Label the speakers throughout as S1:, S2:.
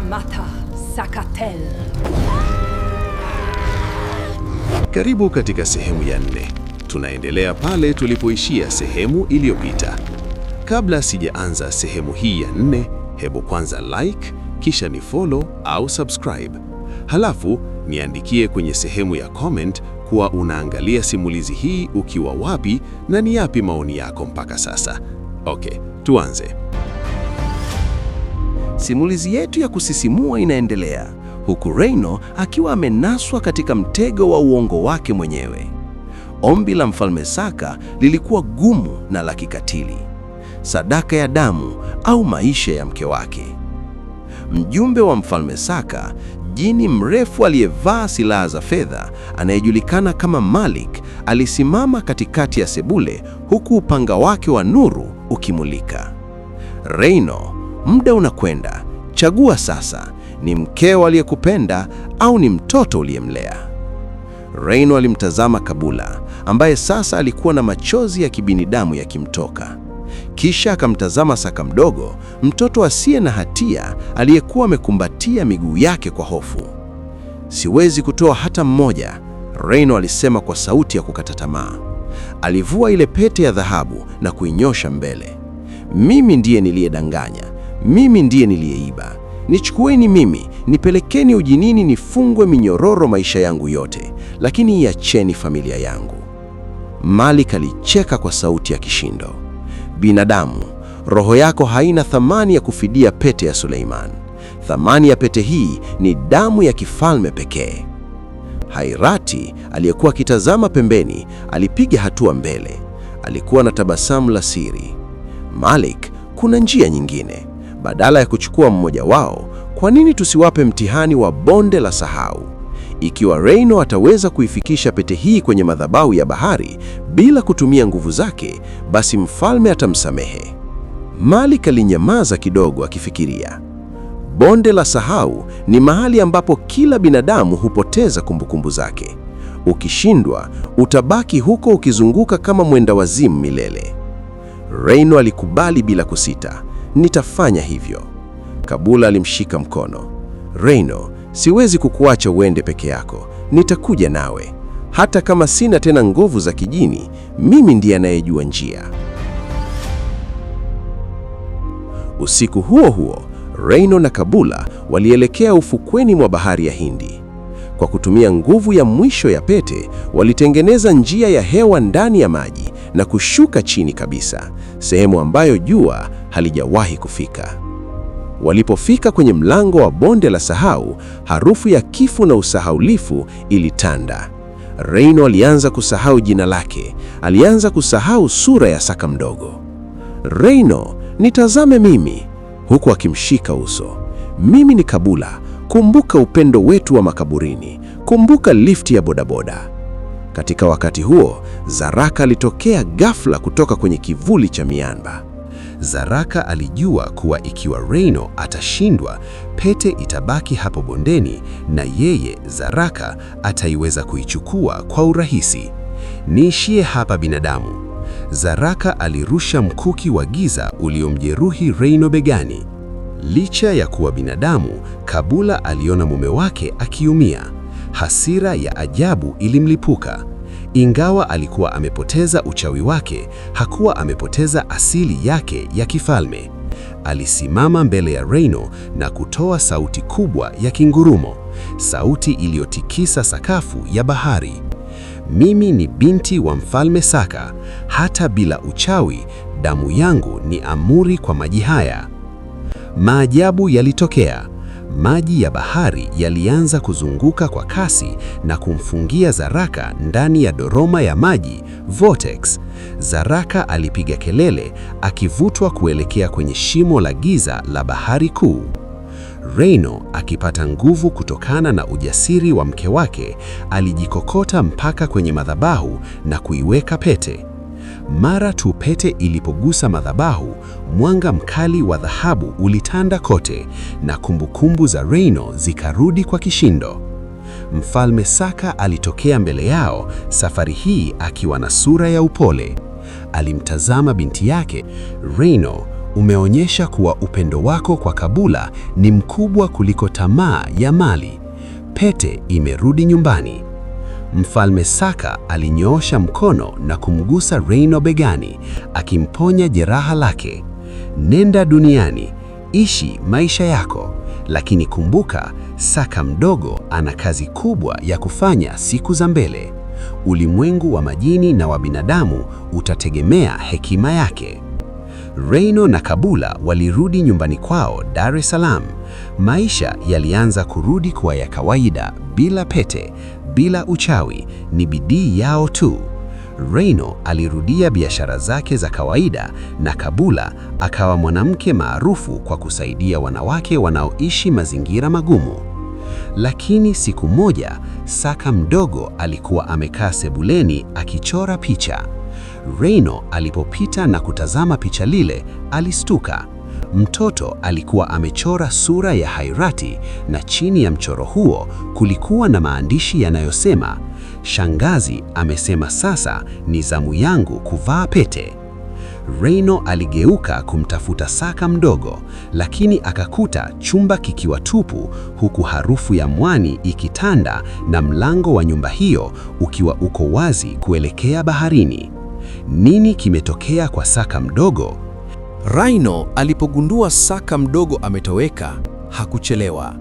S1: Karamata Sakatel.
S2: Karibu katika sehemu ya nne. Tunaendelea pale tulipoishia sehemu iliyopita. Kabla sijaanza sehemu hii ya nne, hebu kwanza like, kisha ni follow au subscribe. Halafu niandikie kwenye sehemu ya comment kuwa unaangalia simulizi hii ukiwa wapi na ni yapi maoni yako mpaka sasa. Okay, tuanze. Simulizi yetu ya kusisimua inaendelea huku Reino akiwa amenaswa katika mtego wa uongo wake mwenyewe. Ombi la Mfalme Saka lilikuwa gumu na la kikatili: sadaka ya damu au maisha ya mke wake. Mjumbe wa Mfalme Saka, jini mrefu aliyevaa silaha za fedha, anayejulikana kama Malik, alisimama katikati ya sebule huku upanga wake wa nuru ukimulika. Reino Muda unakwenda, chagua sasa, ni mkeo aliyekupenda au ni mtoto uliyemlea? Reino alimtazama Kabula ambaye sasa alikuwa na machozi ya kibinadamu yakimtoka. Kisha akamtazama Saka mdogo, mtoto asiye na hatia aliyekuwa amekumbatia miguu yake kwa hofu. Siwezi kutoa hata mmoja, Reino alisema kwa sauti ya kukata tamaa. Alivua ile pete ya dhahabu na kuinyosha mbele. Mimi ndiye niliyedanganya, mimi ndiye niliyeiba, nichukueni mimi, nipelekeni ujinini, nifungwe minyororo maisha yangu yote, lakini iacheni familia yangu. Malik alicheka kwa sauti ya kishindo. Binadamu, roho yako haina thamani ya kufidia pete ya Suleiman. Thamani ya pete hii ni damu ya kifalme pekee. Hairati aliyekuwa akitazama pembeni alipiga hatua mbele. Alikuwa na tabasamu la siri. Malik, kuna njia nyingine. Badala ya kuchukua mmoja wao, kwa nini tusiwape mtihani wa bonde la sahau? Ikiwa Reino ataweza kuifikisha pete hii kwenye madhabahu ya bahari bila kutumia nguvu zake, basi mfalme atamsamehe. Malik alinyamaza kidogo akifikiria. Bonde la sahau ni mahali ambapo kila binadamu hupoteza kumbukumbu zake. Ukishindwa, utabaki huko ukizunguka kama mwenda wazimu milele. Reino alikubali bila kusita nitafanya hivyo. Kabula alimshika mkono. Reino, siwezi kukuacha uende peke yako, nitakuja nawe. Hata kama sina tena nguvu za kijini, mimi ndiye anayejua njia. Usiku huo huo, Reino na Kabula walielekea ufukweni mwa bahari ya Hindi. Kwa kutumia nguvu ya mwisho ya pete, walitengeneza njia ya hewa ndani ya maji na kushuka chini kabisa, sehemu ambayo jua halijawahi kufika. Walipofika kwenye mlango wa bonde la Sahau, harufu ya kifo na usahaulifu ilitanda. Reino alianza kusahau jina lake, alianza kusahau sura ya Saka mdogo. Reino, nitazame mimi, huku akimshika uso. Mimi ni Kabula, kumbuka upendo wetu wa makaburini, kumbuka lifti ya bodaboda. Katika wakati huo, Zaraka alitokea ghafla kutoka kwenye kivuli cha miamba. Zaraka alijua kuwa ikiwa Reino atashindwa, pete itabaki hapo bondeni na yeye Zaraka ataiweza kuichukua kwa urahisi. Niishie hapa binadamu. Zaraka alirusha mkuki wa giza uliomjeruhi Reino begani. Licha ya kuwa binadamu, Kabula aliona mume wake akiumia hasira ya ajabu ilimlipuka. Ingawa alikuwa amepoteza uchawi wake, hakuwa amepoteza asili yake ya kifalme. Alisimama mbele ya Reino na kutoa sauti kubwa ya kingurumo, sauti iliyotikisa sakafu ya bahari. Mimi ni binti wa Mfalme Saka, hata bila uchawi, damu yangu ni amuri kwa maji haya. Maajabu yalitokea maji ya bahari yalianza kuzunguka kwa kasi na kumfungia Zaraka ndani ya doroma ya maji vortex. Zaraka alipiga kelele akivutwa kuelekea kwenye shimo la giza la bahari kuu. Reino akipata nguvu kutokana na ujasiri wa mke wake, alijikokota mpaka kwenye madhabahu na kuiweka pete. Mara tu pete ilipogusa madhabahu, mwanga mkali wa dhahabu ulitanda kote na kumbukumbu za Reino zikarudi kwa kishindo. Mfalme Saka alitokea mbele yao, safari hii akiwa na sura ya upole. Alimtazama binti yake. Reino, umeonyesha kuwa upendo wako kwa Kabula ni mkubwa kuliko tamaa ya mali. Pete imerudi nyumbani. Mfalme Saka alinyoosha mkono na kumgusa Reino begani, akimponya jeraha lake. Nenda duniani, ishi maisha yako, lakini kumbuka, Saka mdogo ana kazi kubwa ya kufanya siku za mbele. Ulimwengu wa majini na wa binadamu utategemea hekima yake. Reino na Kabula walirudi nyumbani kwao Dar es Salaam. Maisha yalianza kurudi kuwa ya kawaida, bila pete, bila uchawi, ni bidii yao tu. Reino alirudia biashara zake za kawaida na Kabula akawa mwanamke maarufu kwa kusaidia wanawake wanaoishi mazingira magumu. Lakini siku moja, Saka mdogo alikuwa amekaa sebuleni akichora picha. Reino alipopita na kutazama picha lile, alistuka. Mtoto alikuwa amechora sura ya Hairati na chini ya mchoro huo kulikuwa na maandishi yanayosema, Shangazi amesema sasa ni zamu yangu kuvaa pete. Reino aligeuka kumtafuta Saka mdogo, lakini akakuta chumba kikiwa tupu, huku harufu ya mwani ikitanda na mlango wa nyumba hiyo ukiwa uko wazi kuelekea baharini nini kimetokea kwa Saka mdogo? Rhino alipogundua Saka mdogo ametoweka, hakuchelewa.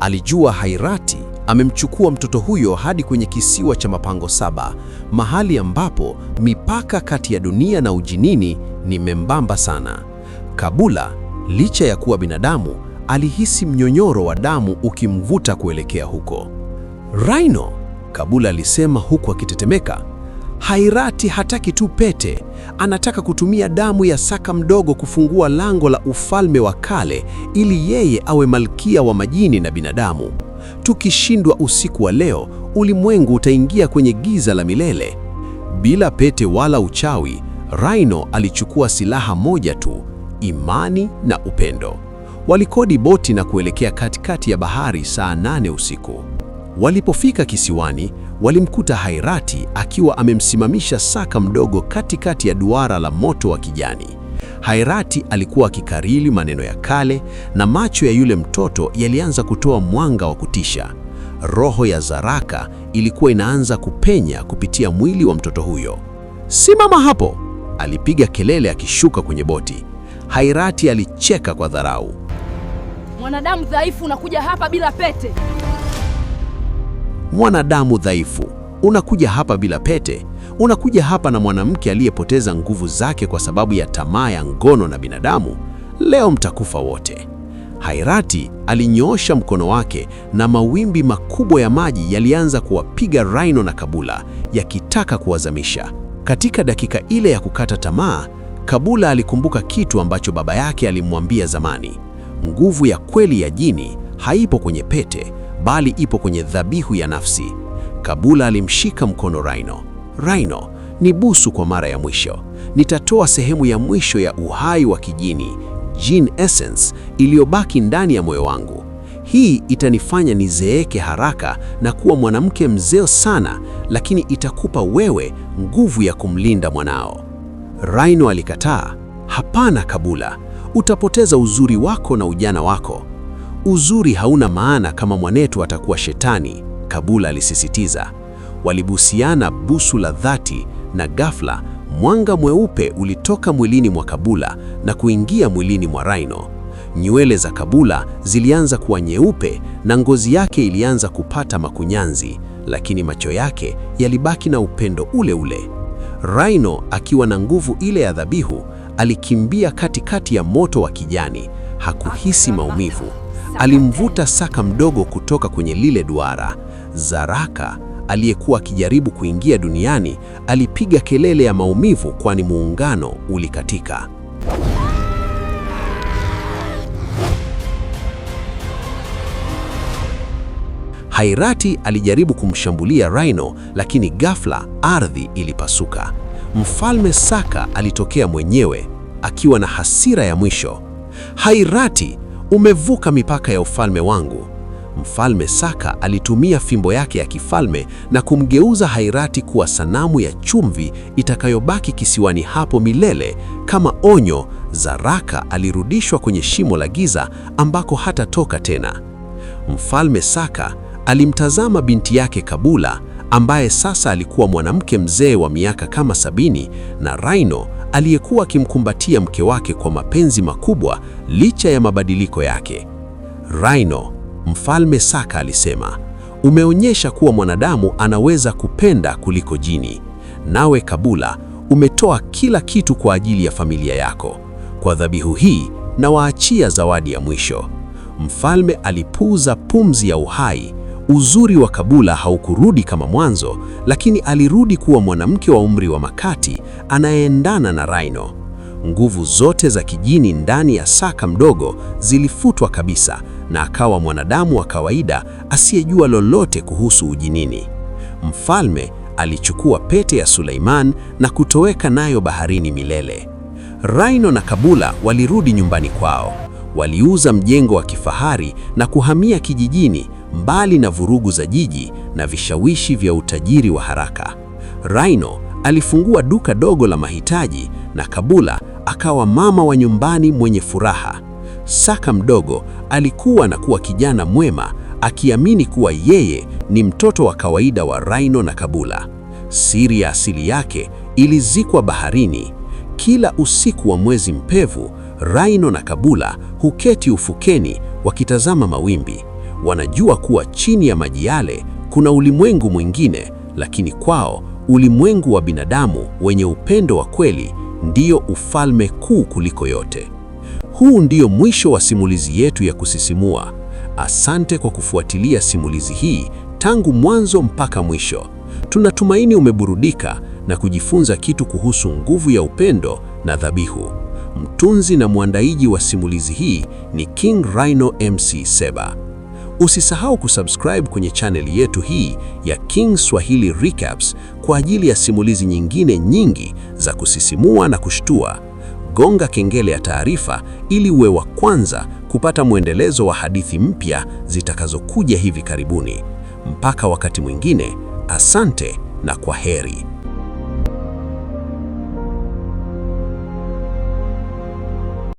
S2: Alijua Hairati amemchukua mtoto huyo hadi kwenye kisiwa cha Mapango Saba, mahali ambapo mipaka kati ya dunia na ujinini ni membamba sana. Kabula, licha ya kuwa binadamu, alihisi mnyonyoro wa damu ukimvuta kuelekea huko. Rhino, Kabula alisema huku akitetemeka. Hairati hataki tu pete, anataka kutumia damu ya Saka Mdogo kufungua lango la ufalme wa kale ili yeye awe malkia wa majini na binadamu. Tukishindwa usiku wa leo, ulimwengu utaingia kwenye giza la milele. Bila pete wala uchawi, Rhino alichukua silaha moja tu, imani na upendo. Walikodi boti na kuelekea katikati ya bahari saa nane usiku. Walipofika kisiwani, walimkuta Hairati akiwa amemsimamisha Saka mdogo katikati ya duara la moto wa kijani. Hairati alikuwa akikariri maneno ya kale na macho ya yule mtoto yalianza kutoa mwanga wa kutisha. Roho ya Zaraka ilikuwa inaanza kupenya kupitia mwili wa mtoto huyo. Simama hapo, alipiga kelele akishuka kwenye boti. Hairati alicheka kwa dharau.
S3: Mwanadamu dhaifu unakuja hapa bila pete
S2: mwanadamu dhaifu, unakuja hapa bila pete, unakuja hapa na mwanamke aliyepoteza nguvu zake kwa sababu ya tamaa ya ngono na binadamu. Leo mtakufa wote. Hairati alinyoosha mkono wake na mawimbi makubwa ya maji yalianza kuwapiga Raino na Kabula yakitaka kuwazamisha. Katika dakika ile ya kukata tamaa, Kabula alikumbuka kitu ambacho baba yake alimwambia zamani. Nguvu ya kweli ya jini haipo kwenye pete, bali ipo kwenye dhabihu ya nafsi. Kabula alimshika mkono Raino. Raino, busu kwa mara ya mwisho, nitatoa sehemu ya mwisho ya uhai wa kijini, gene essence, iliyobaki ndani ya moyo wangu. Hii itanifanya nizeeke haraka na kuwa mwanamke mzee sana, lakini itakupa wewe nguvu ya kumlinda mwanao. Raino alikataa. Hapana Kabula, utapoteza uzuri wako na ujana wako. Uzuri hauna maana kama mwanetu atakuwa shetani, Kabula alisisitiza. Walibusiana busu la dhati, na ghafla mwanga mweupe ulitoka mwilini mwa Kabula na kuingia mwilini mwa Raino. Nywele za Kabula zilianza kuwa nyeupe na ngozi yake ilianza kupata makunyanzi, lakini macho yake yalibaki na upendo ule ule. Raino akiwa na nguvu ile ya dhabihu alikimbia katikati ya moto wa kijani. Hakuhisi maumivu. Alimvuta Saka mdogo kutoka kwenye lile duara. Zaraka aliyekuwa akijaribu kuingia duniani alipiga kelele ya maumivu, kwani muungano ulikatika. Hairati alijaribu kumshambulia Rhino, lakini ghafla ardhi ilipasuka. Mfalme Saka alitokea mwenyewe akiwa na hasira ya mwisho. Hairati umevuka mipaka ya ufalme wangu. Mfalme Saka alitumia fimbo yake ya kifalme na kumgeuza Hairati kuwa sanamu ya chumvi itakayobaki kisiwani hapo milele. Kama onyo, Zaraka alirudishwa kwenye shimo la giza ambako hatatoka tena. Mfalme Saka alimtazama binti yake Kabula ambaye sasa alikuwa mwanamke mzee wa miaka kama sabini na Raino aliyekuwa akimkumbatia mke wake kwa mapenzi makubwa licha ya mabadiliko yake. Rhino, Mfalme Saka alisema, umeonyesha kuwa mwanadamu anaweza kupenda kuliko jini. Nawe Kabula, umetoa kila kitu kwa ajili ya familia yako. Kwa dhabihu hii nawaachia zawadi ya mwisho. Mfalme alipuuza pumzi ya uhai Uzuri wa Kabula haukurudi kama mwanzo, lakini alirudi kuwa mwanamke wa umri wa makati anayeendana na Raino. Nguvu zote za kijini ndani ya Saka mdogo zilifutwa kabisa na akawa mwanadamu wa kawaida asiyejua lolote kuhusu ujinini. Mfalme alichukua pete ya Suleiman na kutoweka nayo baharini milele. Raino na Kabula walirudi nyumbani kwao. Waliuza mjengo wa kifahari na kuhamia kijijini mbali na vurugu za jiji na vishawishi vya utajiri wa haraka. Raino alifungua duka dogo la mahitaji na Kabula akawa mama wa nyumbani mwenye furaha. Saka mdogo alikuwa na kuwa kijana mwema, akiamini kuwa yeye ni mtoto wa kawaida wa Raino na Kabula. Siri ya asili yake ilizikwa baharini. Kila usiku wa mwezi mpevu, Raino na Kabula huketi ufukeni wakitazama mawimbi. Wanajua kuwa chini ya maji yale kuna ulimwengu mwingine, lakini kwao ulimwengu wa binadamu wenye upendo wa kweli ndio ufalme kuu kuliko yote. Huu ndiyo mwisho wa simulizi yetu ya kusisimua. Asante kwa kufuatilia simulizi hii tangu mwanzo mpaka mwisho. Tunatumaini umeburudika na kujifunza kitu kuhusu nguvu ya upendo na dhabihu. Mtunzi na mwandaiji wa simulizi hii ni King Rhino MC Seba. Usisahau kusubscribe kwenye chaneli yetu hii ya King Swahili Recaps kwa ajili ya simulizi nyingine nyingi za kusisimua na kushtua. Gonga kengele ya taarifa ili uwe wa kwanza kupata mwendelezo wa hadithi mpya zitakazokuja hivi karibuni. Mpaka wakati mwingine, asante na kwa heri.